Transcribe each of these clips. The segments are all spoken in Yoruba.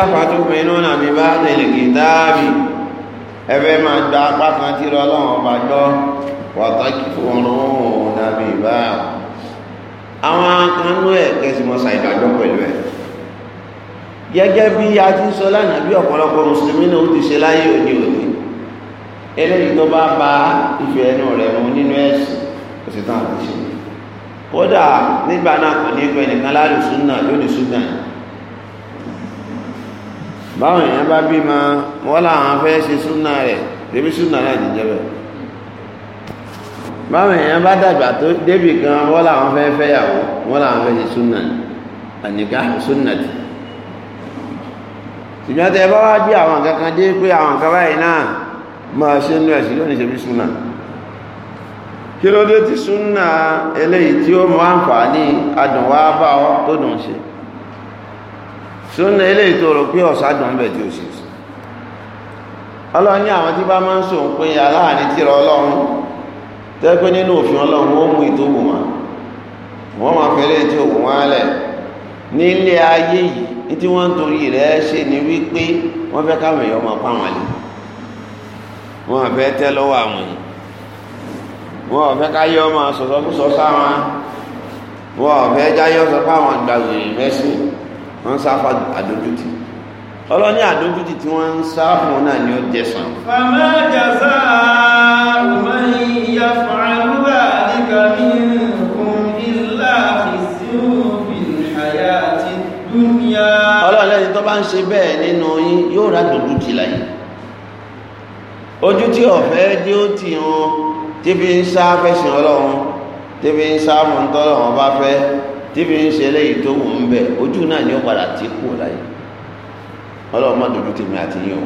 àfàtúnmínúnà mi bá nílì kìtàbí máa gba apá tí rọ lọ́wọ́ bá gbọ́ pàtàkì fòrún nàbí bá àwọn kan ẹ̀kẹ́ sí ìdájọ́ pẹ̀lú ẹ̀ gẹ́gẹ́ bí a ti sọ lánàá bí ọ̀pọ̀lọpọ̀ mùsùlùmí náà ó ti ṣe láyé òde òde eléyìí tó bá ba ìfẹ́ ẹnu rẹ̀ mu nínú ẹ̀sìn kò sí tán àti ṣe kódà nígbà náà kò ní pẹ́ nìkan lálùsùn náà lónìí sudan báwọn èèyàn bá bí ma wọ́n láwọn fẹ́ ṣe súnà rẹ̀ débi ṣùgbọ́n tẹ bá wá gbé àwọn nǹkan kan dé pé àwọn nǹkan báyìí náà máa ṣe nú ẹ̀sìn lónìí ṣe bí súnà kí ló dé tí súnà eléyìí tí ó máa ń fà ní adùn wá bá ọ tó dùn ṣe súnà eléyìí tó rò pé ọ̀sá dùn bẹ̀ tí ó ṣe sí ọlọ́run ní àwọn tí bá máa ń sòun pé aláàrin tíra ọlọ́run tẹ́ pé nínú òfin ọlọ́run ó mú ìtòwò wọn wọ́n máa fẹ́rẹ́ tí òwò wọn lẹ̀ nílé ayé yìí ní tí wọ́n ń torí rẹ̀ ṣe ni wípé wọ́n fẹ́ káwọn èèyàn máa pa wọn lé wọn fẹ́ tẹ́ lọ́wọ́ àwọn yìí wọn fẹ́ káyọ́ máa sọ̀tọ́ kó sọ sáwọn wọn fẹ́ jáyọ́ sọ fáwọn àgbàgbé mẹ́sìn wọ́n sá fún àdójútì ọlọ́ní àdójútì tí wọ́n ń sá fún náà ni ó jẹ sàn. fàmájà sáà ọmọ yìí yá fàá bá ń ṣe bẹ́ẹ̀ nínú yín yóò rà dòdú ti láyé ojú tí ọ̀fẹ́ dí ó ti hàn tí ń sá fẹ̀sìn ọlọ́run tí ń sá mọ̀ tọ́lọ́run bá fẹ́ tí ń ṣe eléyìí tó wù ń bẹ̀ ojú náà ni ó padà tí kù láyé ọlọ́run má dòdú tèmi àti yín o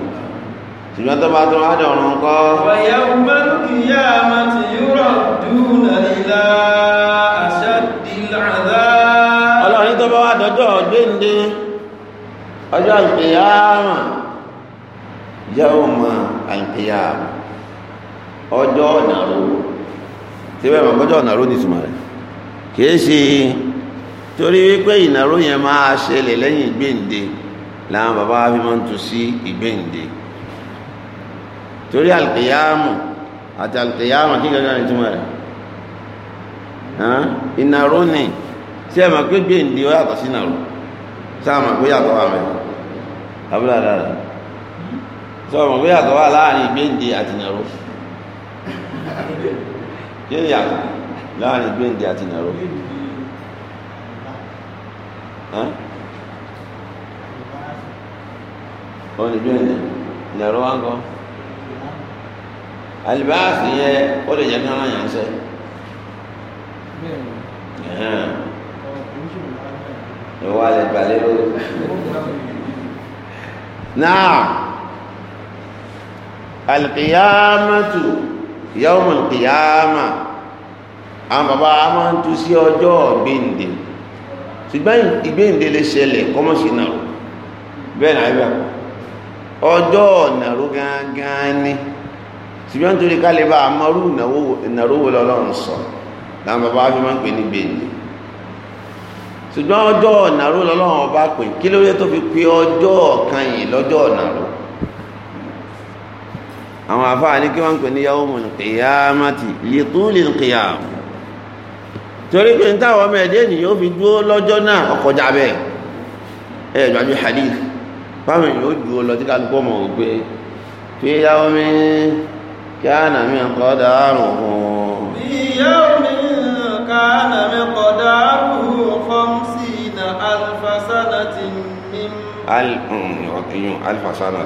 ṣùgbọ́n tó bá tó wá dọ̀rùn kọ́. wàyà umar kìyà àmàtì yúrọ̀ dùn àlìlá àṣà ìlànà. ọlọ́run tó bá wá dọ́jọ́ gbéǹde ọjọ́ àlùkìyàmà yawma àlùkìyàmà ọjọ́ ọ̀nàró tí bẹ́ẹ̀ mọ̀ ọjọ́ ọ̀nàró ní ìtumọ̀ rẹ̀ kìí ṣe torí wípé ìnàró yẹn máa ṣẹlẹ̀ lẹ́yìn ìgbéǹde làwọn bàbá fi máa ń tu sí ìgbéǹde torí àlùkìyàmù àti àlùkìyàmù kí gẹ́gẹ́ ní ìtumọ̀ rẹ̀ ìnàró ni tí ẹ̀ mọ̀ pé gbéǹde ó yàtọ̀ sí ìnàró sáà mọ̀ pé yàtọ̀ àbúrò dára sọ ọmọ pé yàtọ̀ wà láàrin gbéǹde àti nàró láàrin gbéǹde àti ọ ní gbéǹde nàró wá ń kọ́ ihe yẹ ó lè jẹ́ kí wọ́n yàn náà alkiyamatu yawm alkiyama àwọn bàbá a máa ń tú sí ọjọ́ ìgbéǹde ṣùgbọ́n ìgbéǹde lè ṣẹlẹ̀ kọ́mọ̀sí náà bẹ́ẹ̀ náà bẹ́ẹ̀ ọjọ́ ìnàró gangan ni ṣùgbọ́n nítorí ká lè bá a mọ́rú ìnàró wo lọ́lọ́run sọ làwọn bàbá a fi máa ń pè ní gbèǹde ṣùgbọ́n ọjọ́ ọ̀nàró lọ́lọ́run ọba pè kí ló dé tó fi pe ọjọ́ ọ̀kan yìí lọ́jọ́ ọ̀nàró àwọn àfáà ní kí wọ́n ń pè ní yawmul qiyamati li tulil qiyam torí pé ní táwọn ọmọ ẹ̀dẹ́ ènìyàn ó fi dúró lọ́jọ́ náà ọkọjá bẹ́ẹ̀ ẹ̀ lọ́jọ́ hadith báwọn èèyàn ó dúró lọ tí kálukú ọmọ ò gbé fi yawmin kana min qadaruhu. fi yawmin كان مقداره خمسين ألف سنة من ألف سنة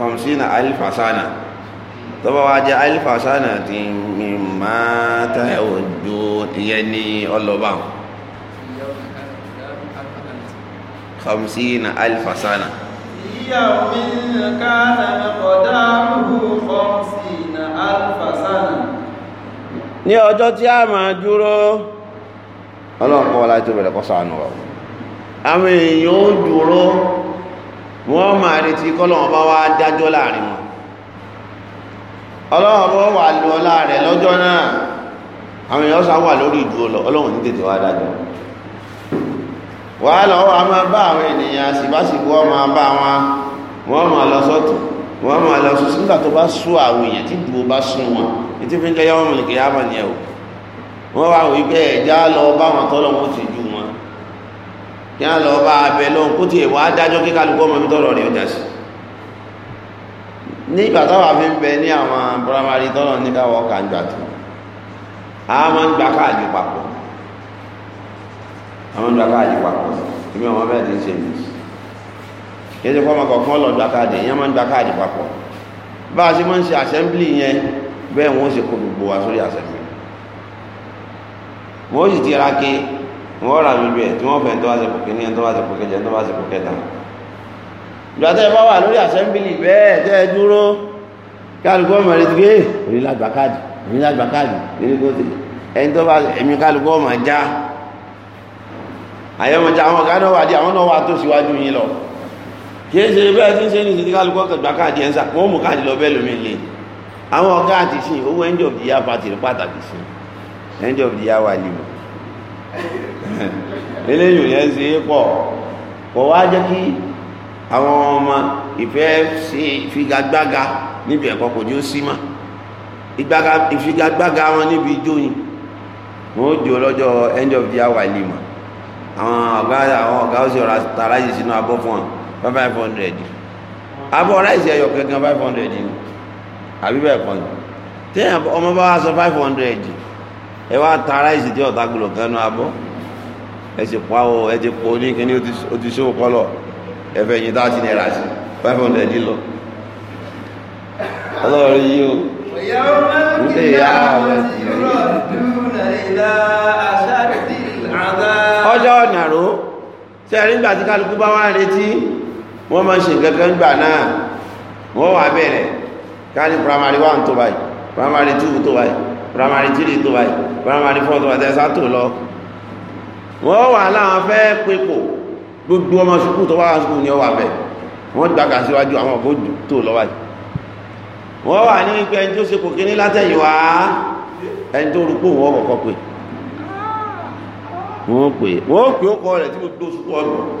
خمسين ألف سنة tọ́ba wa jẹ́ alifasana ti mímá tá ojú ìyẹn ní ọlọ́ba khamsina alifasana. ìyá mi kánà kọ̀dá khamsina alifasana. ní ọjọ́ tí a máa dúró ọlọ́run kọ́ bẹ̀rẹ̀ kọ́ sànù ọ̀ àwọn èèyàn ó dúró wọ́n máa retí kọ́lọ́wọ́n bá wá dájọ́ láàrin wọn ọlọ́run wà lù ọlá lọ́jọ́ náà àwọn èèyàn sá wà lórí ìdúró lọ ní tètè wá dájọ́ a máa bá àwọn ènìyàn bá wọn wọ́n máa lọ sọ́tún wọ́n máa lọ sùn sígbà tó bá sún àwọn èèyàn tí dùn ó bá sún wọn ètí fi ń jẹ́ yọ́mọ̀ nìkè yá màní ẹ̀ o wọ́n wá wí pé ẹ̀já lọ bá wọn tọ́lọ̀ wọn ti ju wọn kí wọ́n lọ bá abẹ lọ kó tiẹ̀ wá dájọ́ kí kálukú ọmọ mi tọ́lọ̀ rẹ̀ ọjà sí nígbà táwọn afi ń bẹ ní àwọn primary tọ́lọ̀ ní káwọ́ kàńgbà tó àwọn gbà káàdì papọ̀ àwọn gbà káàdì papọ̀ ìgbà wọn bẹ́ẹ̀ ti ń ṣe mí sí kìí ṣe fọ́mọ kọ̀ọ̀kan lọ gba káàdì ìyẹn máa ń gba káàdì papọ̀ bá a ṣe máa ń ṣe assembly yẹn bẹ́ẹ̀ wọ́n ṣe kó gbogbo wa sórí assembly wọ́n sì ti ra ké wọ́n rà lójú ẹ̀ tí wọ́n fẹ́ tó bá ṣe pòkè ní ẹni tó bá ṣe pòkè jẹ́ tó bá ṣe pòkè tán ìjọ tẹ́ ẹ bá wà lórí assembly bẹ́ẹ̀ tẹ́ ẹ dúró kálukọ́ mẹ́rin ti gé òní lágbà káàdì òní lágbà káàdì nínú kó ti ẹni tó bá ẹ̀mí kálukọ́ máa já àyẹ̀mọ̀já àwọn ọ̀gá náà wà dé àwọn náà wà tó síwájú yín lọ kìí ṣe bẹ́ẹ̀ tí ń ṣe ní ìsìnkú alùpùpù ọkọ̀ gbàkà àti ẹ̀ńsà wọ́n mú káàdì lọ bẹ́ẹ̀ lómi lè àwọn ọ̀gá àti sìn owó end of the year party pàtàkì sí end of the year wà lìmọ̀ eléyìí yẹn ṣe é pọ̀ kò wá jẹ́ kí àwọn ọmọ ìfẹ́ ṣe ìfigagbága níbi ẹ̀kọ́ kò ní ó sí mọ́ ìfigagbága wọn níbi ijó yìí wọ́n ó jó lọ́jọ́ end of the year wà lìmọ̀ àwọn ọ̀gá àwọn ọ̀gá ó sì rà tàrá yìí sínú abọ́ fún wọn five hundred abọ́ ráìsì ẹyọ kankan five hundred ni àbí bẹ́ẹ̀ kọ́ ni téèyàn ọmọ bá wá sọ five hundred ẹ wá ta ráìsì tí ọ̀tá gbòòrò kan nu abọ́ ẹ sì pa ọ ẹ ti pọ ní kíní ó ti ṣó kọ́lọ̀ ẹ fẹ́ yín táàtì náírà sí five hundred lọ ọlọ́run yìí o ilé ìyá ọjọ́ ọ̀nà ró sẹ́yìn nígbà tí kálukú bá wá retí wọ́n máa ṣe nǹkan kan gbà náà wọ́n wà bẹ̀rẹ̀ ká primary one tó báyìí primary two tó báyìí primary three tó báyìí primary four tó báyìí tẹ̀sán tó lọ. wọ́n wà láwọn fẹ́ pépò gbogbo ọmọ sukùl tó wà láwọn ni wọ́n wà bẹ̀ wọ́n gbà síwájú àwọn ọ̀gbọ́n tó lọ báyìí. wọ́n wà ní pé ẹni tó ṣe kò kíní látẹ̀yìn wá ẹni tó rú pò wọ́n kọ̀ọ̀kan wọ́n pè wọ́n pè ó kọ́ rẹ̀ tí gbogbo sukùl ọ̀gbọ̀n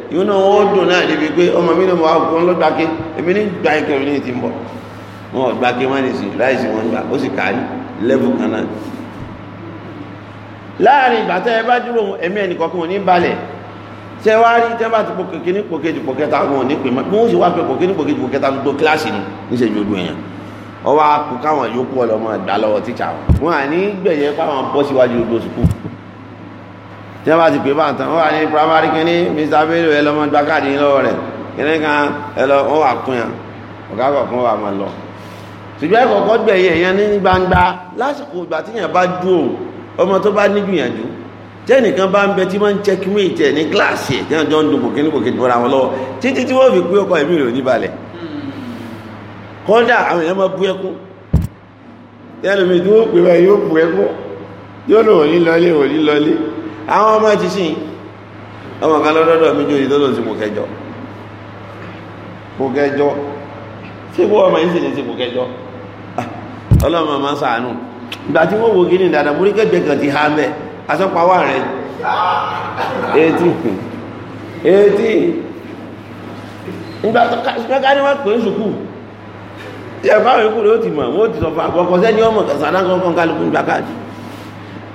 ìwọ́n náà wọ́n dùn náà níbi pé ọmọ mi náà wà gbọ́n ló gbàgbé èmi ní gba ìkẹ́ mi ní ti ń bọ̀ wọn ò gbàgbé má ní sí láìsí wọn gbà ó sì kà á lẹ́bù kan náà. láàrin ìgbà tẹ́ ẹ bá dúró ẹ̀mí ẹnì kọ̀ọ̀kan ò ní balẹ̀ tẹ́ wá rí tẹ́ bá ti pò kékeré ní pòkejì pòkẹta wọn ò ní pè má bí wọ́n sì wá pé pòkejì pòkejì pòkẹta gbogbo kíláàsì ni níṣẹ́ ju odò èèyàn ọwọ́ akú káwọn yòókù ọlọ́mọ ìgbà lọ́wọ́ tíṣà wọn à ní gbẹ̀yẹ fáwọn bọ́ síwájú odò sùkúù tí wọ́n bá ti pè báńtán wọ́n wà ní primary kínní mr bello ẹ lọ́mọ lọ́wọ́ rẹ̀ kínní kan ẹ lọ wọ́n wà kún yàn ọ̀gá kọ̀ọ̀kan wà máa lọ. ṣùgbọ́n ẹ̀kọ́kọ́ gbẹ̀yìn ẹ̀yàn ní gbangba lásìkò ìgbà tí yàn bá dúró ọmọ tó bá nígbìyànjú tẹ́nìkan bá ń bẹ tí wọ́n ń checkmate ẹ̀ ní kíláàsì ẹ̀ tí wọ́n jọ ń dùn bòkínní bòkínní bọ́ra wọn lọ́wọ́ títí tí wọ́n fi pé ọkọ ẹ̀mí rẹ̀ ò ní balẹ̀ kọ́dà àwọn èèyàn máa bú ẹkún tẹ́lẹ̀mí tí wọ́n pè báyìí yóò bú ẹkún yóò lò wọ́n ní lọlé wọ́n ní lọlé àwọn ọmọ ti sìn ọmọ kan lọ́dọ́dọ̀ mi jòyè tó sí kò kẹjọ kò kẹjọ ṣé kó ọmọ yìí sì ní sí kò kẹjọ ah, ọlọ́mọ máa ń sàánù wo mo rí kẹ́gbẹ́ kan ti há mẹ́ asọ́pawá rẹ̀ etí etí ìgbà tó ká ní wọ́n pè é sùkú tí oti ikú rẹ̀ ó ti mọ̀ wọ́n ti sọ fún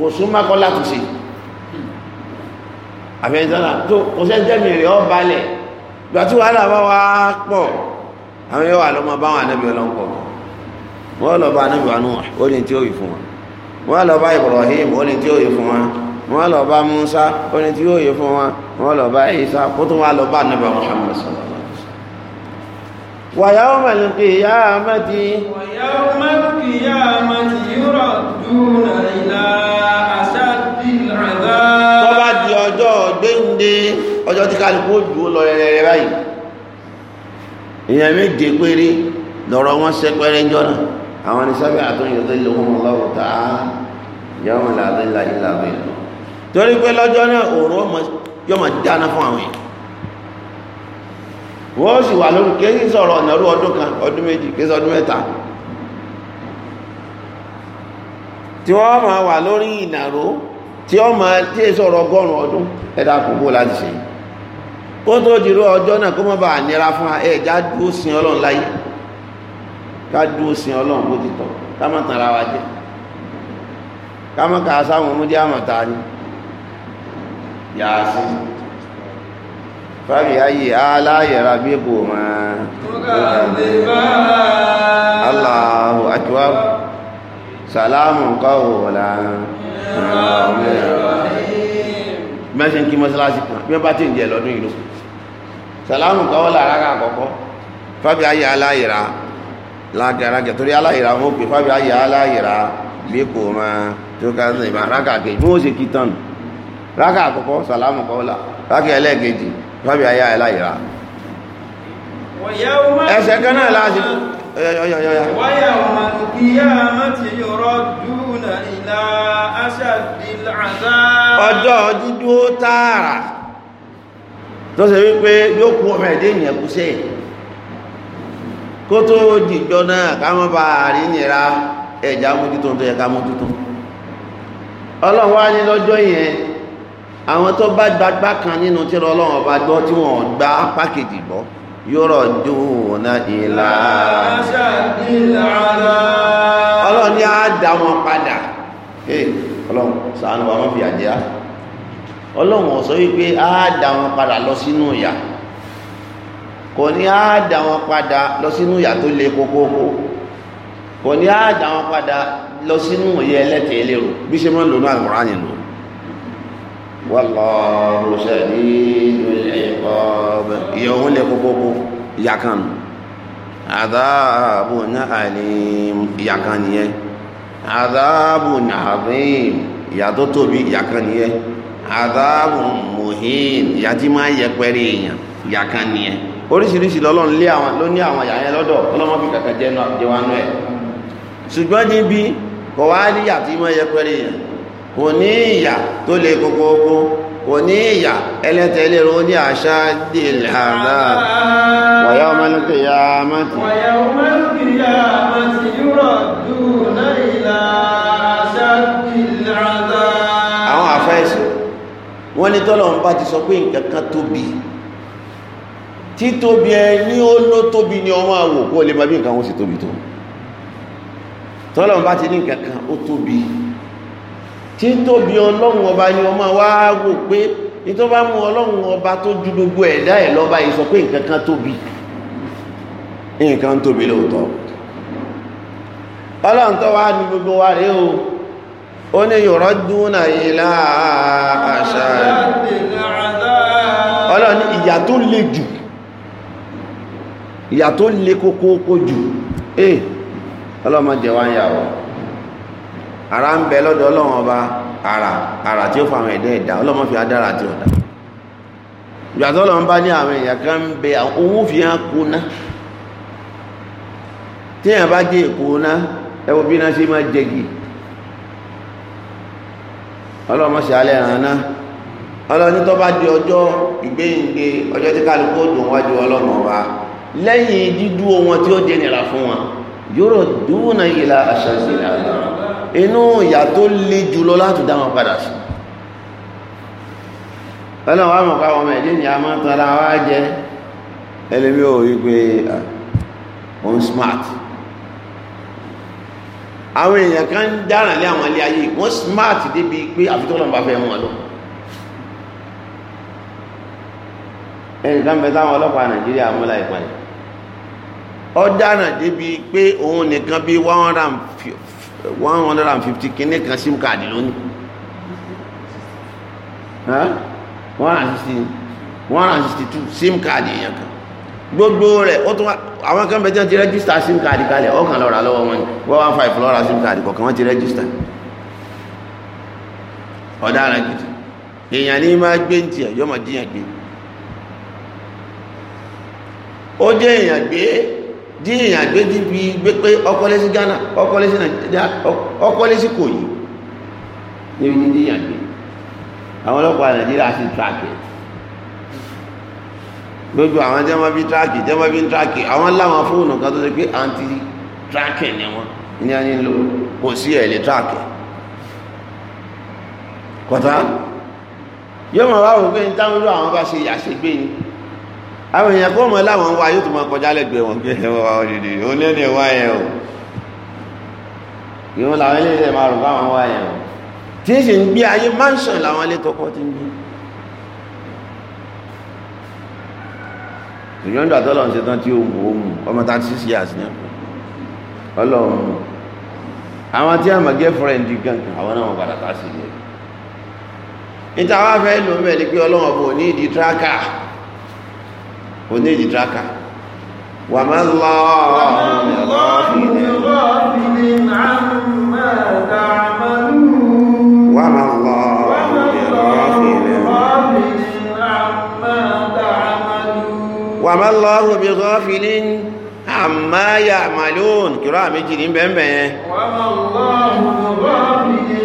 kò súnmọ́ kọ́ láti ṣe àfẹ́sọ́nà tó kò sẹ́jẹ́mì rẹ̀ ọ balẹ̀ ìgbà tí wàhálà bá wá pọ̀ àwọn yóò wà lọ́mọ báwọn anábì ọlọ́nkọ̀ wọ́n lọ bá anábì wọn ó ní tí ó yìí fún wọn wọ́n lọ bá Ibrahim ó ní tí ó yìí fún wọn wọ́n lọ bá ó ní tí ó yìí fún wọn wọ́n lọ bá ọjọ́ tí kálukú ó dúró lọ rẹ̀rẹ̀ báyìí èèyàn méje péré lọ́rọ̀ wọn sẹ́pẹ́rẹ́ jọ́nà àwọn ní sábẹ́ àtúnyẹ̀ tó lè wọ́n lọ́wọ́ tá a yàwó wọn làdé ńlá ìlà bẹ́ẹ̀ lọ. torí pé lọ́jọ́ náà òòrùn yóò máa dáná fún àwọn yẹn wọ́n sì wà lórí kéyìn sọ̀rọ̀ tí wọ́n máa wà lórí ìnàró tí ó máa tí èso ọ̀rọ̀ ọgọ́rùn-ún ọdún ẹ̀dá àkókò láti ṣe kó tó dìrú ọjọ́ náà kó má bà nira fún ẹ̀já dúó sin ọlọ́run láyé ká dúó sin ọlọ́run bó ti ká tàn ara wa ká sáwọn ọmọdé ni sàlámù kọ́wò láàrín mẹ́sìn kí mọ́sálásí kan bí wọ́n bá tí ń jẹ lọ́dún ìlú sàlámù kọ́wò láàrín àkọ́kọ́ fábí ayé aláyìra lágẹ̀rágẹ̀ torí aláyìra wọ́n pè fábí ayé aláyìra bí kò mọ́ tó ká sí ìbá rákà kejì bí wọ́n ṣe kí tán rákà àkọ́kọ́ sàlámù kọ́wò lá rákà ẹlẹ́ẹ̀kejì fábí ayé aláyìra ẹsẹ̀ kan náà láti wáyà wọn kí yá mọ́tí yọrọ dúnà ìlà aṣàdìláàdá ọjọ́ dídó tààrà tó ṣe wípé yóò kú ọmọ ẹ̀dẹ́ ìyẹn kú sí kó tó dìjọ náà káwọn bá rí nira ẹ̀já mójútó tó yẹ mójútó ọlọ́run ní lọ́jọ́ yẹn àwọn tó bá gbagbá kan nínú tí ọlọ́run ọba gbọ́ tí wọ́n gba pákèjì gbọ́ yurajuna ila shaddil adab ọlọ́run ní á dá wọn padà ọlọ́run ṣàánú wa wọ́n fi àjẹ́ á ọlọ́run ó sọ wípé á dá wọn padà lọ sínú ìyà kò ní á dá wọn padà lọ sínú ìyà tó le kókókó kò ní á dá wọn padà lọ sínú ìyà ẹlẹ́tẹ̀ẹ́lérò bí ṣe máa ń lò ní àlùkùránì nù wallahu shadidul iqab ìyà òun lè kókókó ìyà kan nù adhabun alim ìyà kan nìyẹn adhabun adhim ìyà tó tóbi ìyà kan nìyẹn adhabun muhin ìyà tí máa ń yẹpẹrẹ èèyàn ìyà kan nìyẹn oríṣiríṣi lọ́lọ́run lé àwọn ló ní àwọn ìyà yẹn lọ́dọ̀ ọlọ́mọ fi kàkà jẹ́ wánú ẹ̀ ṣùgbọ́n níbi kò wá níyà tí máa yẹpẹrẹ èèyàn kò ní ìyà tó lè kókóókó kò ní ìyà ẹlẹ́tẹ̀ẹ́lẹ́rọ ní àṣà dìlàdà wàyá ọmọlúkì ya mọ́tì wàyá ọmọlúkì ya mọ́tì yúrọ̀ dùn ìlà àṣà dìlàdà àwọn àfẹ́ẹ̀sì wọ́n ní tọ́lọ̀ ń bá ti sọ pé nǹkan kan tóbi títóbi ẹ ní ó ló tóbi ni ọmọ àwò kó lè máa bí nǹkan ó sì tóbi tó tọ́lọ̀ ń bá ti ní nǹkan ó tóbi tí tóbi ọlọ́run ọba ni ọmọ wa wò pé ní tó bá mú ọlọ́run ọba tó ju gbogbo ẹ̀dá ẹ̀ lọ́ba yìí sọ pé nǹkan kan tóbi nǹkan tóbi lóòótọ́ ọlọ́run tó wá ní gbogbo wa rèé o ó ní yọ̀rọ̀ dúnà ìlà àṣà ọlọ́run ìyà tó le jù ìyà tó le kókó jù ẹ eh, ọlọ́run má jẹ wá ń yà wọ́n ara ń bẹ lọ́dọ̀ ọlọ́run ọba ara ara tí ó fa àwọn ẹ̀dá ẹ̀dá ọlọ́mọ fi adára tí ó dá ìgbàtọ́ bá ní àwọn èèyàn kan ń bẹ owó fi hàn kóná tí èèyàn bá jẹ kóná ẹwọ bí iná ṣe máa jẹgì ọlọ́mọ ṣe alẹ́ ràn náà ọlọ́ni tó bá di ọjọ́ ìgbéyìnde ọjọ́ tí kálukú dùn wájú la inú ìyà tó le jùlọ láti dá wọn padà sí ọlọ́wọ́ àmọ̀ká ọmọ ẹ̀dẹ́ ni a máa tọ́ra wá jẹ́ ẹlẹ́mí ò rí pé on smart àwọn èèyàn kan ń dáràn lé àwọn ilé ayé wọ́n smart débi pé àfitọ́lọ́n fẹ́ wọn lọ ẹnìkan bẹ táwọn ọlọ́pàá nàìjíríà mú láìpẹ́ ọ dáràn débi pé òun nìkan bí one one hundred and fifty kìíní kan sim card lónìí one hundred and sixty one and sixty two sim card èèyàn kan gbogbo rẹ̀ ó tún àwọn kan bẹ tí wọ́n ti rẹ́gísítà sim card kalẹ̀ ọkàn lọ́ra lọ́wọ́ wọn ni one one five lọ́ra sim card kọ̀ọ̀kan wọ́n ti rẹ́gísítà ọ̀daràn gidi èèyàn ní máa gbé ní tiẹ̀ yọ́mọ̀ díyàn gbé ó jẹ́ èèyàn gbé dí èèyàn gbé díbi gbé pé gana Ghana ọkọlé Nàìjíríà ọkọlé Kòyí níbi ní díyàn gbé àwọn ọlọ́pàá Nàìjíríà sì tíráàkì gbogbo àwọn jẹ́ wọ́n bí tíráàkì jẹ́ wọ́n bí tíráàkì àwọn láwọn fóònù kan tó ṣe pé àǹtí tíráàkì ni wọ́n ní a ní kò sí ẹ̀ lè tíráàkì kọ̀tá yóò mọ̀ wá wò pé ní táwọn olú àwọn bá ṣe àwọn èèyàn kó mọ̀ láwọn wá yóò tó máa kọjá lẹ́gbẹ̀ẹ́ wọn gbé ẹwà òdìdì ó lé ní ẹwà yẹn o ìwọ̀n làwọn ilé ìṣẹ̀ máa rò báwọn wá yẹn o tí ń sì ń gbé ayé mansion làwọn ilé tọkọ ti ń gbé ìyọ́n ìgbà tó lọ́n ṣe tán tí ó wù ó mù ọmọ tá sí sí àṣìyà ọlọ́run àwọn tí a mọ̀ girlfriend gan àwọn náà wọn padà tá sí yẹn níta wá fẹ́ lò mẹ́rin pé ọlọ́run ọ̀bùn ò ní ìdí tracker oní èjì draka wà máa ń lọ wà máa ń lọ wà máa ń lọ òbí gọ́ọ̀fìlì àmà yà màlúùn kìrọ àmìjì ní bẹ̀m̀bẹ̀ yẹn wà máa ń lọ òbí gọ́ọ̀fìlì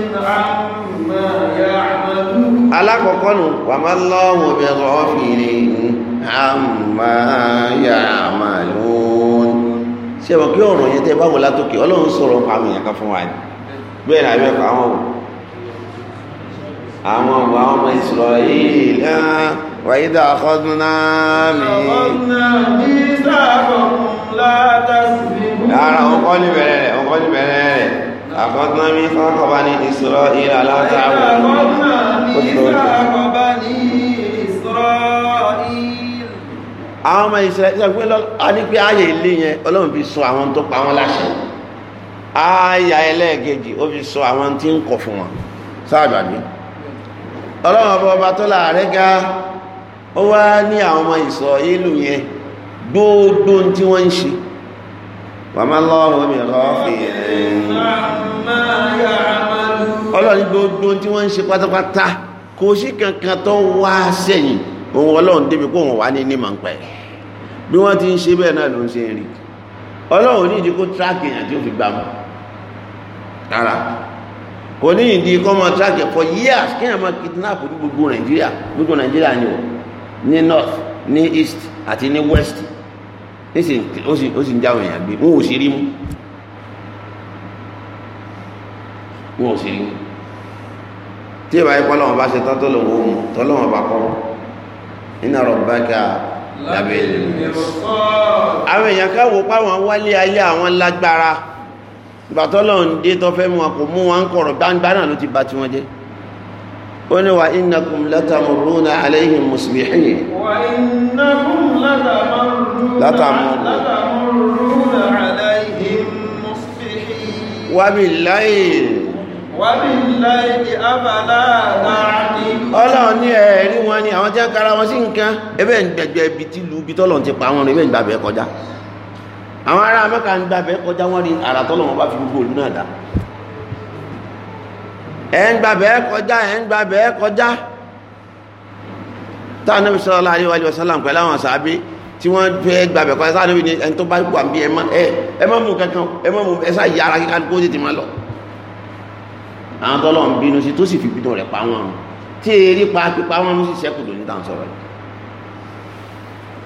màlúùn alákọ̀ọ́kọ́ nù wà má lọ́wọ́ bí rọ́fìnrin àmà yà má lóun ṣe mọ̀ kí ọ̀rọ̀ yẹn tẹ́ báwo látòkè ọlọ́run sọ̀rọ̀ àwọn èèyàn kan fún wa ni bẹ́ẹ̀ ni àbẹ́ pa àwọn أخذنا ميثاق بني إسرائيل لا تعبدون ميثاق بني إسرائيل àwọn ọmọ ìsirẹ́lì sọ pé a ní pé ààyè ilé yẹn ọlọ́run fi sọ àwọn tó pa wọn láṣẹ ààyè ẹlẹ́ẹ̀kejì ó fi sọ àwọn tí ń kọ̀ fún wọn sáàdù ọlọ́run ọba ọba tó láàrẹ́ ga ó wá ní àwọn ọmọ ìsọ̀ ìlú yẹn gbogbo tí wọ́n ń ṣe wàmà lọ́wọ́ mi rọ́fìrín ọlọ́run gbogbo tí wọ́n ń ṣe pátápátá kò sí kankan tó wá sẹ́yìn òun ọlọ́run débi kó wọ́n wá ní ní màǹpẹ́ bí wọ́n ti ń ṣe bẹ́ẹ̀ náà ló ń ṣe ń rí ọlọ́run ní ìdí kó tíráàkì èèyàn tí ó fi gbà mọ́ rárá kò ní ìdí kọ́ mọ́ tíráàkì for years kí èèyàn máa kidnap ní gbogbo nàìjíríà gbogbo nàìjíríà ni o ní north ní east àti ní west níṣẹ́ ó sì ń jáwọ̀ èèyàn gbé ò sì rí mú ò sì rí tí ìbá yìí bá ṣe tán tó lòun òun tọ́lọ́wọ́n bá kọ́ iná rọ̀bákà lábẹ́ ìlú àwọn èèyàn káwọ́ páwọn wálé ayé àwọn lágbára ìgbà dé tó fẹ́ wọn kò mú wọn ń kọ̀rọ̀ gbangba náà ló ti bà tiwọn jẹ́ ó ní wa innakum latamurruna alayhim musbihin wa innakum latamurruna alayhim musbihin wa bil-layl wa bil-layli afala ta'qilun ọlọ́run ní ẹ̀rí wọn ni àwọn jẹ́ kára wọn ń gbẹ̀gbẹ̀ ibi kọjá àwọn ni àràtọ́lọ̀ bá fi gbogbo òlú náà dá ẹ̀ ń gbàbẹ́ kọjá ẹ̀ ń gbàbẹ́ kọjá tá anabi sallallahu alaihi wa sallam pẹ̀lú àwọn sàábí tí wọ́n fẹ́ gbàbẹ̀ kọjá sáré ní ẹni tó bá wà bí ẹ má ẹ ẹ má mú kankan ẹ má mú ẹsà yí ara kíkà kó tètè má lọ. àwọn tó lọ́n bínú sí tó sì fi bínú rẹ̀ pa wọn tí eré pípa wọn sì sẹ́kù lónìí tá sọ̀rọ̀ yìí.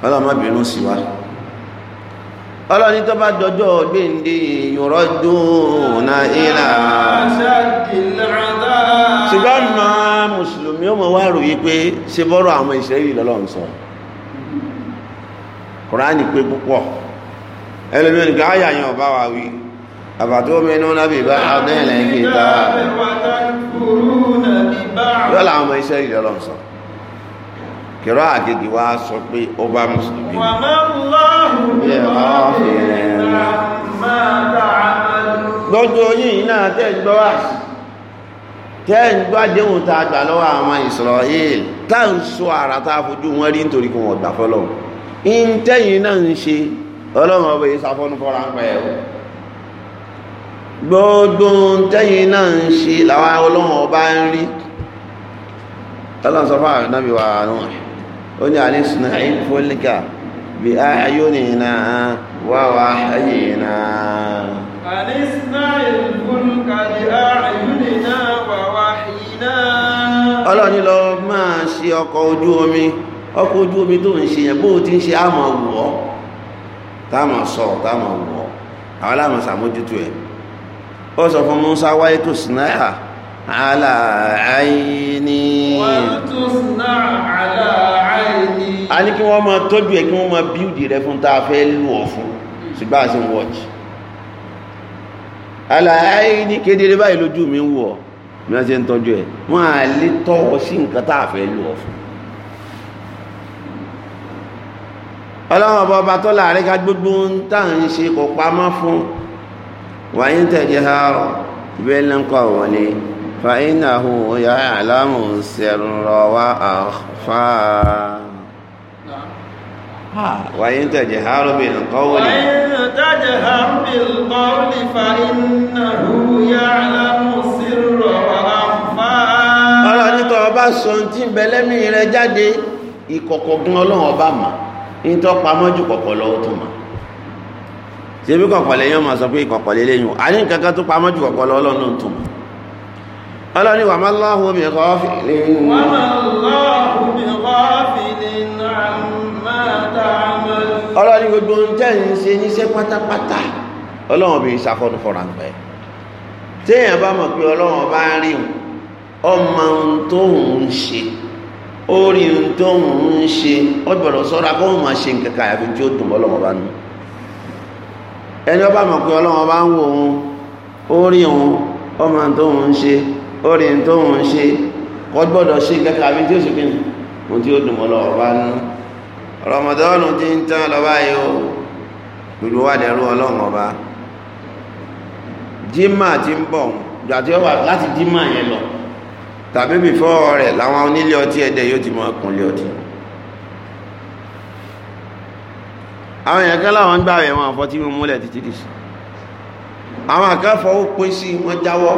ọlọ́mọ bínú sí ọlọ́ni tó bá dọjọ́ gbéǹde yurajuna ila ṣùgbọ́n máa mùsùlùmí ó mọ̀ wá ròyí pé ṣe bọ́rọ̀ àwọn ìṣẹ́lì lọ́lọ́run sọ kùránì pé púpọ̀ ẹlòmíràn nìkan áyà yẹn ọba wa wí afatu'minuna bi ba'dil kitab lọ́la àwọn ìṣẹ́lì lọ́lọ́run kìrọ àgègè wa sọ pé ó bá mùsùlùmí. wà á lọ́hùn bí wọ́n fi rẹ̀ máa dà á. gbogbo yìí náà tẹ́ ń gbọ́ wá tẹ́ ń gbọ́ àdéhùn tá a gbà lọ́wọ́ àwọn Ísírẹ́lì tá ń sọ ara tá a fojú wọn rí nítorí kí wọ́n gbà fọlọ́ ìtẹ́yìn náà ń ṣe ọlọ́run ọba yìí sáfọ́nù fọ́ra pẹ́ ẹ̀wọ̀ gbogbo tẹ́yìn náà ń ṣe làwọn ọlọ́run ọba ń rí ọlọ́run sọ fún àwọn ìdábíwá náà ó ní àní sinà ìfọ́líkà bí ayúnìna wà wà ayìnà àní sinà ìfọ́líkà bí ayúnìna wà wà ayìnà ọlọ́ni lọ máa ṣe ọkọ̀ ojú omi ọkọ̀ ojú omi tó ń ṣe yẹn bó ti ń ṣe àmọ̀ wọ̀ táàmà sọ táàmà wọ̀ àwọn aláàmà sàmójútó ẹ̀ ó sọ fún Musa tó sinà على عيني وتصنع على عيني a ní kí wọ́n máa tọ́jú ẹ̀ kí wọ́n máa bíúdì rẹ fún tá a fẹ́ lù ọ́ fún ṣùgbọ́n àti wọ́ọ̀jì aláàáyí ní kedere báyìí lójú mi ń wọ̀ bí wọ́n ṣe ń tọ́jú ẹ̀ wọ́n á lè tọ́ sí nǹkan tá fẹ́ lù ọ́ fún ọlọ́run ọba ọba tọ́lá gbogbo ń tà ń ṣe kọ̀ pamọ́ fún wàyí tẹ̀jẹ̀ فإنه يعلم السر وأخفى وإن تجهر بالقول وإن تجهر بالقول فإنه يعلم السر وأخفى ọ̀rọ̀ ní tọ́ ọba sọun tí ń bẹ̀lẹ́mí rẹ jáde ìkọ̀kọ̀ ọlọ́run ọba mà ní tọ́ pamọ́ jù kọ̀kọ̀ lọ́wọ́ tó mà ṣe bí kọ̀kọ̀ lẹ́yìn ọmọ sọ pé ìkọ̀kọ̀ lẹ́yìn àní nǹkan kan tó pamọ́ jù kọ̀kọ̀ mà ọlọ́ni wà má lọ́hùn omi ẹ̀kọ́ ọ́fìlì ọlọ́ni gbogbo ń tẹ́ ń ṣe níṣẹ́ pátápátá ọlọ́run bí ìṣàkọ́nù fọ́ra ń pẹ́ téèyàn bá mọ̀ pé ọlọ́run bá rí ọmọ ohun tó ń ṣe ó rí ohun tó ń ṣe ó sọ́ra kó máa ṣe nǹkan kan àyàfi tí ó dùn ọlọ́run bá nù ẹni ọba mọ̀ pé ọlọ́run bá ń wo òun ó rí òun ọmọ ohun tó ń ṣe orí tó ń ṣe kọ́gbọ́dọ̀ ṣe kẹ́kẹ́ àbí tí ó ṣe kíni mo tí ó dùn mọ́ lọ nú rọmọdọ́nù ti ń tán lọ́ba yìí o gbogbo wa dẹ̀rú ọlọ́run ọba jimá ti ń bọ̀ gbà tí ó wà láti jimá yẹn lọ tàbí bìfọ́ rẹ̀ làwọn onílé ọtí ẹ̀dẹ̀ yóò ti mọ ọkùnlé ọtí àwọn èèyàn kan láwọn ń gbà rẹ̀ wọn àfọ́tí mímúlẹ̀ títí dì sí àwọn àkàfọ́ ó pín sí wọn jáwọ́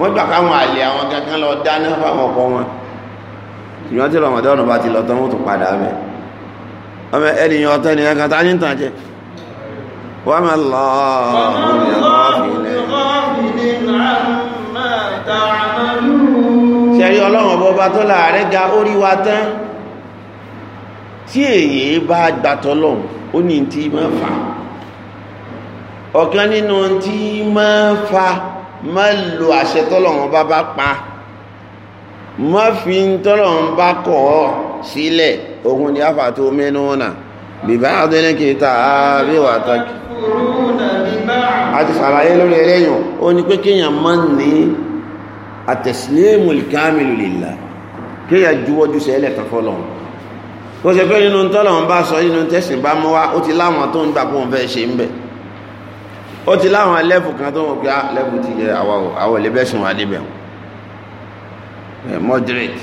wọ́n gbà káwọn àlè àwọn kankan lọ dáná fáwọn ọkọ wọn ìyọ́n tí rọmọdọ́nù bá ti lọ tán wọ́n padà mẹ́ ọmọ ènìyàn ọ̀tọ́ ènìyàn kan tá tàn jẹ́ wọ́n mẹ́ lọ́ọ̀ọ́ ṣẹ̀rí ọlọ́run ọba má lo àṣẹ tọ́lọ̀wọ́n bá bá pa má fi ń tọ́lọ̀wọ́n bá kọ̀ ọ́ sílẹ̀ òun ni afa tó mẹ́nu ọ̀nà bìbá àdúlẹ̀ kìíta àbí wà tọ́kì a ti sàlàyé lórí ẹlẹ́yìn ó ní pé kéèyàn má ní àtẹ̀sílẹ́mù ìkámìlù lillah kéèyàn juwọ́jú sẹ́lẹ̀ kan fọ́lọ́run kó pé nínú tọ́lọ̀wọ́n bá sọ nínú tẹ̀sìn bá mọ́ ó ti láwọn tó ń gbà pọ̀ fẹ́ ṣe ń bẹ̀ ó ti láwọn ẹlẹ́fù kan tó wọ́n gbá ah, lẹ́fù ti yẹ àwọn ìlébẹ́sùn adébẹ̀ eh, moderate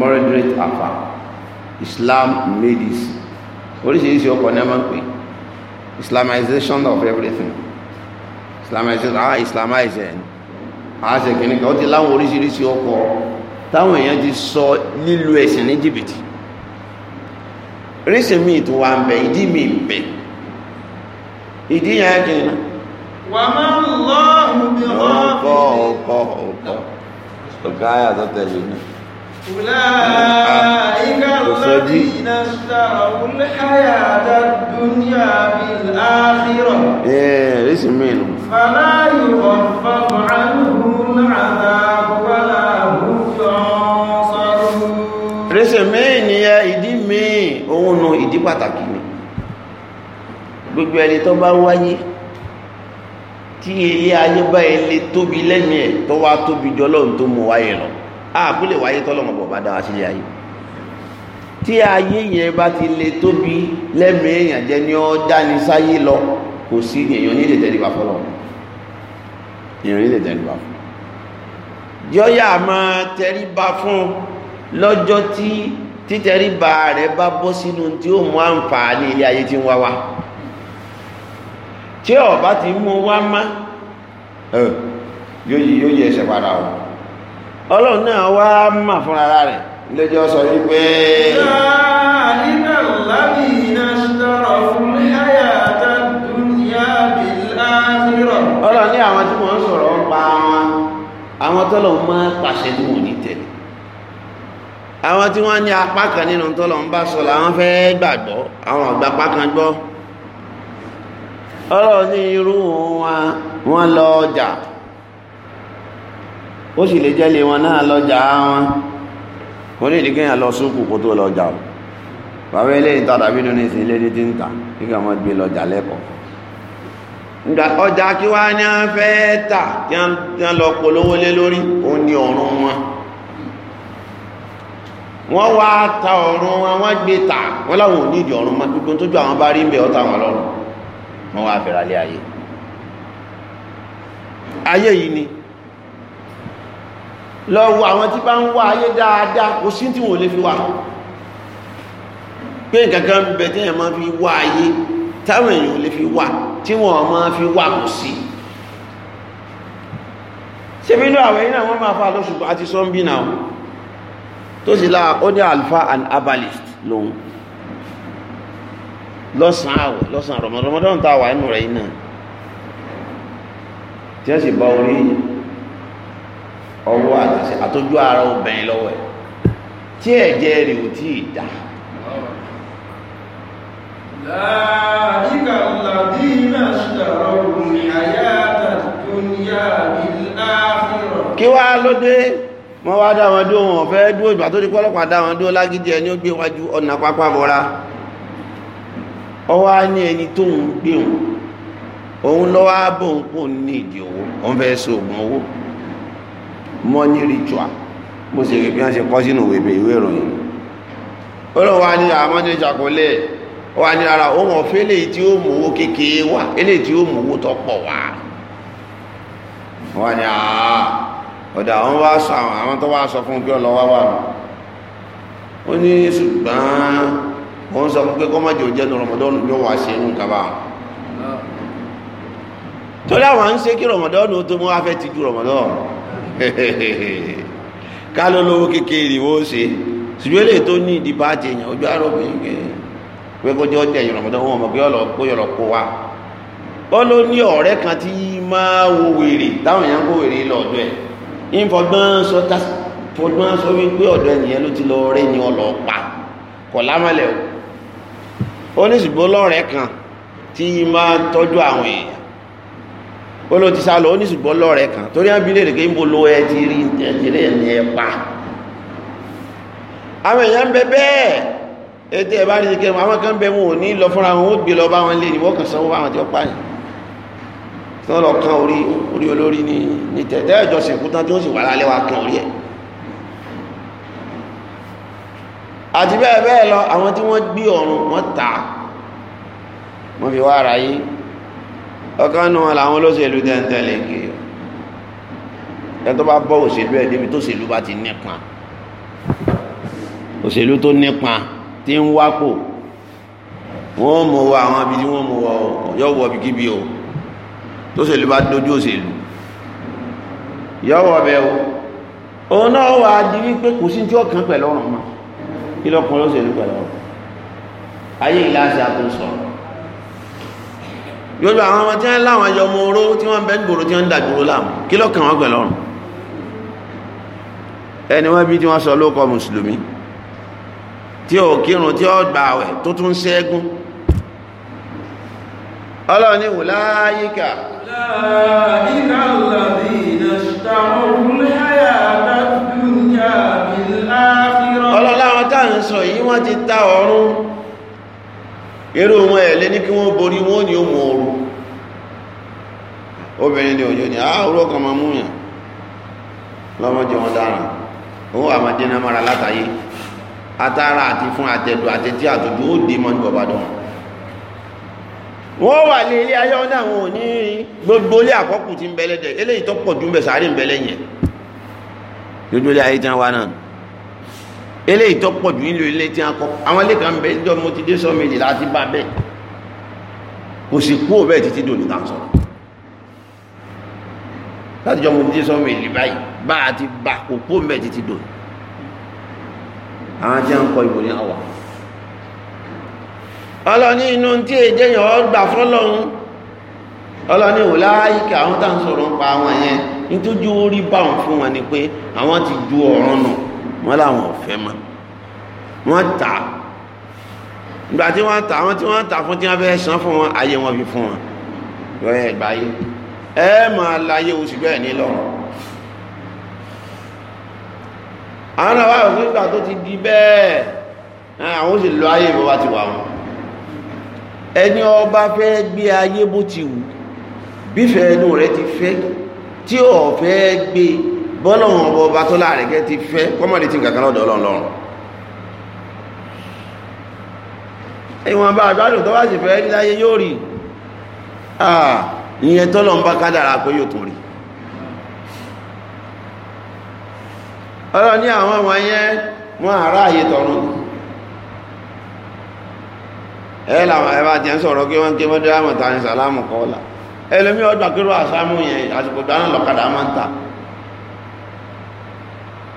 moderate afa Islam medis oríṣiríṣi ọkọ̀ ní ẹmọ́ pé Islamization of everything Islamization ah Islamization ah ṣe kìnnìkan ó ti láwọn oríṣiríṣi ọkọ̀ táwọn èèyàn ti sọ lílo ẹ̀sìn ní jìbìtì rísìmí tó wà ń bẹ ìdí mi ń bẹ ìdí yẹn jìnnà. wà á máa ń lọ òbí lọ. ọkọ ọkọ ọkọ ọgá ayà tó tẹ̀lé ní. wùlá ìgbà lọ́dí iná sára wùlé ayà dá dúnyà ìdí míì òun nu ìdí pàtàkì ni gbogbo ẹni tó bá wáyé tí ilé ayé báyìí lè tóbi lẹ́mìí ẹ̀ tó wá tóbi jọ lọ́run tó mú wáyé lọ àkúlẹ̀ wáyé tọ́lọ́mọ̀ bọ̀ bá dára sílé ayé tí ayé yẹn bá ti lè tóbi lẹ́mìí èèyàn jẹ́ ní ọ́ dání sáyé lọ kò sí èèyàn ní lè tẹríba fọlọ́ èèyàn ní lè tẹríba fún yọ́yà máa tẹríba fún lọ́jọ́ tí títẹríba rẹ̀ bá bọ́ sínú tí ó mú àǹfààní ilé ayé tí ń wá wá. tí ọba ti mú wá má yóò yí ẹsẹ̀ padà o ọlọ́run náà wá mà fún ara rẹ̀ lẹ́jọ́ sọ wípé ọlọ́run ní àwọn tí wọ́n ń pa wọn àwọn tọ́lọ̀ pàṣẹ ní àwọn tí wọ́n ní apá kan nínú ń bá sọ làwọn àwọn apá kan ọ̀rọ̀ ní irú wọn wọ́n lọ ọjà ó sì lè jẹ́ wọn náà lọ́jà wọn ó ní ìdíkẹ́yàn lọ súnkù kó tó lọ́jà o bàbá ilé ìta tàbí nínú ìsìn ilé ní ń tà kíkà gbé lọ́jà lẹ́kọ̀ọ́ ọjà a lọ wọn wọ́n wá ta ọ̀run wọn wọ́n gbé tà wọ́n láwọn ò ní ìdí ọ̀run mọ́ gbogbo àwọn bá rí wọ́n wá fẹ́ra lé ayé ayé yìí ni lọ́wọ́ àwọn tí bá ń wá ayé dáadáa kò sí tí wọ́n lè fi wà pé nǹkankan bẹ̀ tí èèyàn máa fi wá ayé táwọn èèyàn lè fi wà tí wọ́n máa fi wà kò sí ṣe inú àwẹ̀ iná wọ́n máa fa lóṣùgbọ́n àti sọ́ńbí náà tó sì láà ó ní alfa and abalist lòun lọ́sàn-án àwẹ̀ lọ́sàn-án rọmọdún rọmọdún tá a wà nínú rẹ̀ yìí náà tí a sì bá orí ọwọ́ àtàṣe àtọ́jú ara obìnrin lọ́wọ́ ẹ̀ tí ẹ̀jẹ̀ rẹ̀ ò tí ì dá. láàríkà làbí náà ṣàrọ̀ òun àyà àtàdúnyà ìlàáfíà. kí wàá ló dé wọ́n wá dá wọn dúró wọn fẹ́ dúró ìgbà tó di pọ́lọ́pàá dá wọn dúró lágídí ẹni ó gbé wájú ọ̀nà pápá bọ́ra. ọwọ́ wá ní ẹni tó ń gbé òun òun lọ wá bò ní ìdí owó òun fẹ́ so oògùn owó money ritual bó rí bí wọ́n ṣe kọ́ sínú ìwé ìwé ìròyìn ó lọ wá ní àwọn money wá ní ara òun ọ̀fẹ́ tí ó mú owó kékeré sọ àwọn tó wá sọ fún un mo ń sọ fún pé kọ́mọ̀jì ò jẹ́ ní rọmọdọ́nù yóò wá ṣe inú kaba torí àwọn ń ṣe kí rọmọdọ́nù tó mú afẹ́ ti ju rọmọdọ́nù ká ló lówó kékeré wó ṣe ṣùgbọ́n eléyìí tó ní ìdí bá jẹ èèyàn ojú àrò bíi ẹ pé kó jẹ́ ọjà ìyọ̀rọ̀ mọ́tò wọn mọ̀ pé ọ̀lọ́ kó yọ̀rọ̀ kó wa ó ló ní ọ̀rẹ́ kan tí máa wo wèrè táwọn èèyàn kó wèrè lọ́ọ̀dọ̀ ẹ̀ ìfọgbọ́n fọgbọ́n sọ wípé ọ̀dọ̀ ẹ̀nìyẹn ó ní ṣùgbọ́n lọ́rẹ̀ẹ́ kan tí máa tọ́jú àwọn èèyàn ó ló ti sá lọ ó ní ṣùgbọ́n lọ́rẹ̀ẹ́ kan torí àbí lè rèké ń bo lo ẹ ti rí ẹ̀jẹ̀rẹ̀ ẹ̀ní ẹ pa àwọn èèyàn ń bẹ bẹ́ẹ̀ ètò ẹ̀ bá rí kẹrin àwọn kan bẹ wọn ò ní lọ fúnra wọn ó gbé lọ bá wọn lé ìwọ kan sanwó báwọn tí ó pààyàn tí wọn lọ kan orí olórí ní tẹ̀tẹ̀ ìjọsìn kú tán tí ó sì wà lálẹ́ wa kan orí ẹ̀ àti bẹ́ẹ̀ bẹ́ẹ̀ lọ àwọn tí wọ́n gbé ọ̀run wọ́n tà wọ́n fi wá ara yí ọkàn nù wọn làwọn olóṣèlú tẹ́ntẹ́lẹ̀ kì í ẹni tó bá bọ́ òṣèlú ẹ̀ débi tó ṣèlú bá ti nípa òṣèlú tó nípa tí ń wápò wọ́n mọ̀ wọ àwọn ibi tí wọ́n mọ̀ wọ yọ wọ bí kíbi o tó ṣèlú bá dojú òṣèlú yọ bẹ́ẹ̀ o òun náà wà á di wípé kò sí tí ọkàn pẹ̀lú ọ̀ràn mọ́ kí lọ́kùnrin lọ́sẹ̀ ní pẹ̀lú ọ̀rọ̀ ayé ìlàsì àtúnṣọ yóò àwọn ọmọ tí wọ́n láwọn ẹyọ ọmọ oró tí wọ́n bẹ́ ń gbòòrò tí wọ́n ń dà dúró láàmú kí lọ́kàn wọn pẹ̀lú ọ̀rọ̀ ẹni wọ́n bí tí wọ́n sọ lóko mùsùlùmí tí ò kírun tí ó gbà àwẹ̀ tó tún ṣẹ́gun ọlọ́run ní wùláyíkà. wùláyíkà làbí náà ṣàwọn sọ yìí wọ́n ti ta ọ̀run irú wọn ẹ̀ ní kí wọ́n borí wọn ni ó mú ooru obìnrin ni òjò ni a ah, orú ọkàn máa mú yàn lọ́mọdé wọn dára owó àmàdé náà mara látàyé atara àti fún àtẹ̀dù àtẹ̀tí àtòjú ó dé mọ́ni bọ̀bá dán wọ́n wà ní ilé ayé ọ̀nà àwọn òní gbogbo ilé àkọ́kù ti ń bẹ́lẹ́dẹ̀ eléyìí tó pọ̀ jù ń bẹ̀ sáré ń bẹ́lẹ́ yẹn gbogbo ilé ayé tí wọ́n wá náà eléyìí tó pọ̀ jù nílò ilé tí a kọ́ àwọn ilé kan bẹ níjọ́ mo ti dé sọ́mìlì láti bá bẹ́ẹ̀ kò sì kú òbẹ́ títí dòní tá à ń sọ̀rọ̀ láti jọ mo ti dé sọ́mìlì báyìí bá a ti bá kò kú òbẹ́ títí dòní àwọn tí a ń kọ ìbò ní àwà ọlọ́ni inú tí èjèyàn ọgbà fọ́lọ́hún ọlọ́ni ò láyíkà àwọn tá à ń sọ̀rọ̀ ń pa àwọn yẹn nítorí orí báwọn fún wọn ni pé àwọn ti ju ọ̀run nù wọ́n làwọn ọ̀fẹ́ mọ́ wọ́n tà á ìgbà tí wọ́n tà àwọn tí wọ́n tà fún tí wọ́n fẹ́ san fún wọn ayé wọn fi fún wọn lọ́yẹ̀ ìgbáyé ẹ máa láyé oṣù bẹ́ẹ̀ ní lọ́rùn àwọn àwọn àwọn òfin ìgbà tó ti di bẹ́ẹ̀ àwọn ó lọ ayé bó bá ti wà wọn ẹni ọba fẹ́ gbé ayé bó ti wù bífẹ̀ẹ́ inú rẹ ti fẹ́ tí ò gbé bọ́lọ́hùn ọba ọba tó láàrẹ̀ gẹ́ ti fẹ́ kọ́mọ̀dé tí nǹkan lọ́dọ̀ ọlọ́run lọ́rùn ìwọ̀n bá àgbádùn tó wá sì fẹ́ rí láyé yóò rí ìyẹn tó lọ́n bá kádàrà pé yóò tún rí ọlọ́run ní àwọn ọmọ yẹn wọ́n àrá àyè tọ̀run ẹ làwọn ẹ bá jẹ́ ń sọ̀rọ̀ kí wọ́n ké mọ́dé àmọ̀ta ní sàlámù kọ́ọ́lá ẹlẹ́mí ọdún akérò àsámú yẹn àsìkò dáná lọ́kadà máa ń ta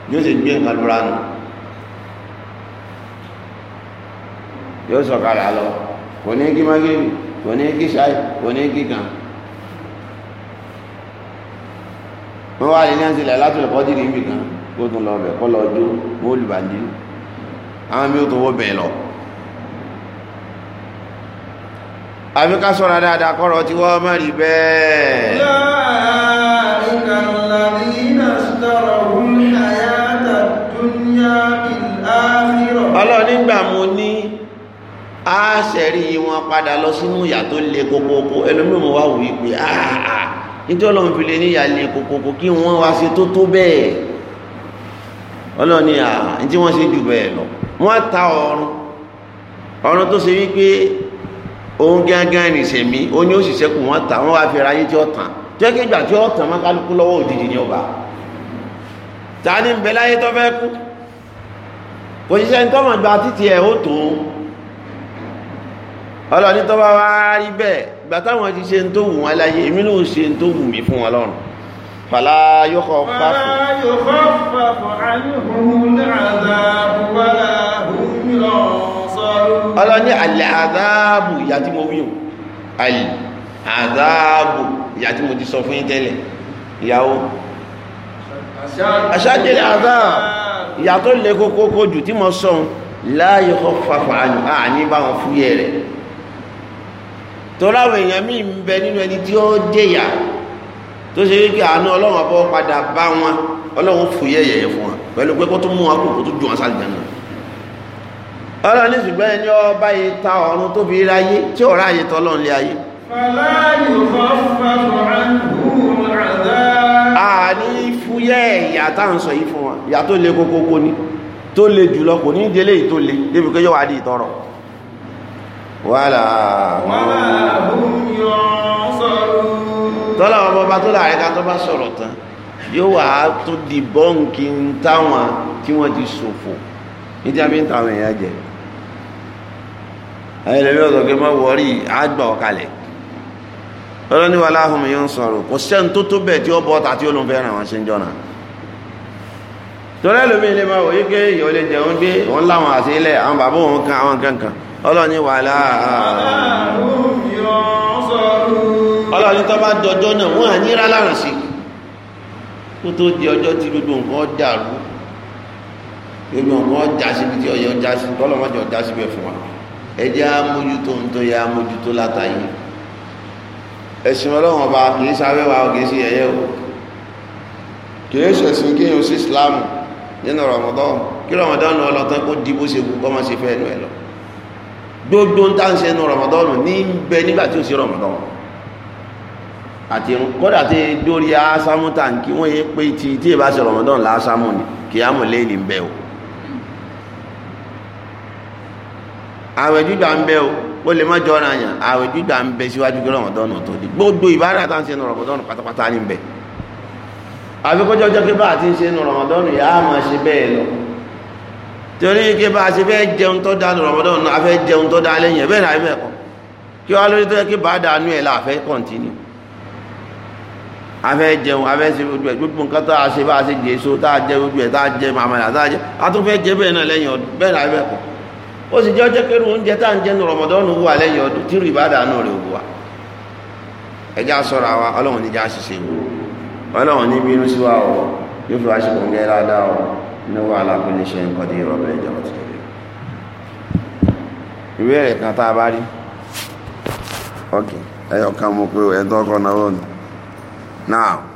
bí ó sì gbé nǹkan lóra nù yóò sọ̀kalà lọ kò ní kí mágírì kò ní kí ṣáì kò ní kí gàn wọ́n wá ilé ẹ̀sìn láti lọ́kọ́ dìrì níbi kan kó tún lọ bẹ̀ kọ́ lọ jó wọ́n olùbàdí àwọn mi ò tó wọ́ bẹ̀ lọ. àfi ká sọ̀rọ̀ dáadáa kọ́rọ̀ tí wọ́n má rí bẹ́ẹ̀. ọlọ́run nígbà mo ní a ṣẹ̀rí wọn padà lọ sínú ìyà tó le kokoko ẹlòmíràn mo wá wò ó pé àà ah, ah, nítorí ọlọ́run fi lè ní ìyà le kokoko kí wọ́n wá ṣe tó tó bẹ́ẹ̀ ọlọ́run ni à ní ah, tí wọ́n ṣe jù bẹ́ẹ̀ lọ wọ́n ta ọ̀run ọ̀run tó ṣe wípé òun gángan ní ìṣẹ̀mí ó ní òṣìṣẹ́ kù wọ́n ta wọ́n wá fi ráyé tí ó tàn tí ó kéjà tí ó tàn kálukú lọ́wọ́ òdìdí ni ọba ta ni ń bẹ láyé tó fẹ́ kú kò ṣiṣẹ́ ní tọ́mọ̀ gba títí ẹ̀ ó tó ọlọ́ni tó bá wá rí bẹ́ẹ̀ gbà táwọn ti ṣe ń tó wù wọn láyé èmi náà ṣe ń tó wù mí fún wọn lọ́rùn fàlá yóò ọlọ́ni àlẹ́ àdáàbù ìyá tí mo wí o àlẹ́ àdáàbù ìyá tí mo ti sọ fún yín tẹ́lẹ̀ ìyàwó aṣáájú àdáàbù ìyà tó lè kókó kó jù tí mo sọ láàyè kó papọ̀ àní bá wọn fúyẹ́ rẹ̀ torí àwọn èèyàn míì ń bẹ nínú ẹni tí ó jẹ̀yà tó ṣe wípé àánú ọlọ́run ọbọ̀ padà bá wọn ọlọ́run fúyẹ́ yẹ̀yẹ̀ fún wọn pẹ̀lú pé kó tún mú wọn kù kó tún ju wọn sálì jẹun ọlọ́run ní ṣùgbọ́n ẹni ọba yìí ta ọ̀run tó fi ráyé tí ọ̀rá yìí tọ́ lọ́n lé ayé. fàlàyé ẹ̀ ìyà táwọn sọ yìí fún wọn ìyà tó le kókókó ni tó le jùlọ kò ní délé yìí tó le débi pé yóò wá di ìtọrọ. wàhálà tọ́lá ọmọ ọba tó láàrin ká tó bá sọ̀rọ̀ tán yóò wá tó di bọ́ǹkì táwọn tí wọ́n ti ṣòfò ní tí a fi ń tàwọn èèyàn jẹ. ayẹlẹ́bí ọ̀sọ̀ kí n má wọrí àgbà ọ̀kalẹ̀ ọlọ́ni wà láhùn mi yóò sọ̀rọ̀ kò sẹ́ni tó tó bẹ́ẹ̀ tí ó bọ́ tàbí olóhùn fẹ́ràn àwọn ṣe ń jọ́nà torí ẹlòmíì ilé máa wòye pé lè jẹun gbé òun láwọn àti ilẹ̀ àwọn bàbá òun kan àwọn kankan ọlọ́ni náà wọ́n sí tó di ọjọ́ tí gbogbo nǹkan ọjà ẹ̀sìn ọlọ́run ọba kìí sáwẹ́wà kìí sí ẹ̀yẹ́ o kìí ṣẹ̀sìn kí yíò sí islam nínú ramadan kí ramadan ọlọ́tán kó di bó ṣe kú kọ́ máa ṣe fẹ́ ẹnu ẹ̀ lọ gbogbo ń tàǹṣe nu ramadan ní ń bẹ nígbà tí ó sí ramadan àti kódà tí dórí asámú tà kí wọ́n yé pé tí tí ìbá ṣe ramadan lásámú ni kìí àmọ̀ lẹ́yìn ń bẹ o àwẹ̀ gbígbà ń bẹ o ó lè mọ́jọ́ ọ̀ràn àyàn àwẹ̀ gbígbà ń bẹ síwájú kí rọ̀mọ̀dọ́nù tó di gbogbo ìbára tá à ń ṣe nu rọ̀mọ̀dọ́nù pátápátá ní bẹ̀ àfikọ́jọ́ ọjọ́ kí bá a ti ń ṣe nu rọ̀mọ̀dọ́nù yà á máa ṣe bẹ́ẹ̀ lọ torí kí bá a ṣe fẹ́ jẹun tó dá nu rọ̀mọ̀dọ́nù náà a fẹ́ jẹun tó dá lẹ́yìn ẹ̀ bẹ́ẹ̀ náà ẹ̀ kí wá lórí tó yẹ kí bá a dànù ẹ̀ láàfẹ́ kọ̀ǹtínú a fẹ́ jẹun a fẹ́ ṣe gbogbo ẹ̀ gbogbo nǹkan tá a ṣe bá a ṣe jẹ èso tá a jẹ gbogbo ẹ̀ tá a a jẹ a tún fẹ́ jẹ bẹ́ẹ̀ náà lẹ́yìn ọdún ó sì jẹ́ ọjọ́ kẹrù oúnjẹ tá ń jẹnu rọmọdọ́nù wà lẹ́yìn ọdún tí rí ìbádà náà rẹ̀ wà ẹjá sọ́ra wa ọlọ́run níjà ṣiṣẹ́ ọlọ́run ní bínú sí wa ọ yóò fi wá ṣe kòǹgẹ́ ládàá ọ inú wa alákùnrin ṣe ń kọ́dé ìrọ̀bẹ̀ ìjọba ti kéré ìwé rẹ̀ kan tá a bá rí ọkẹ ẹyọ kan mo pé ẹ̀dọ́ náà náà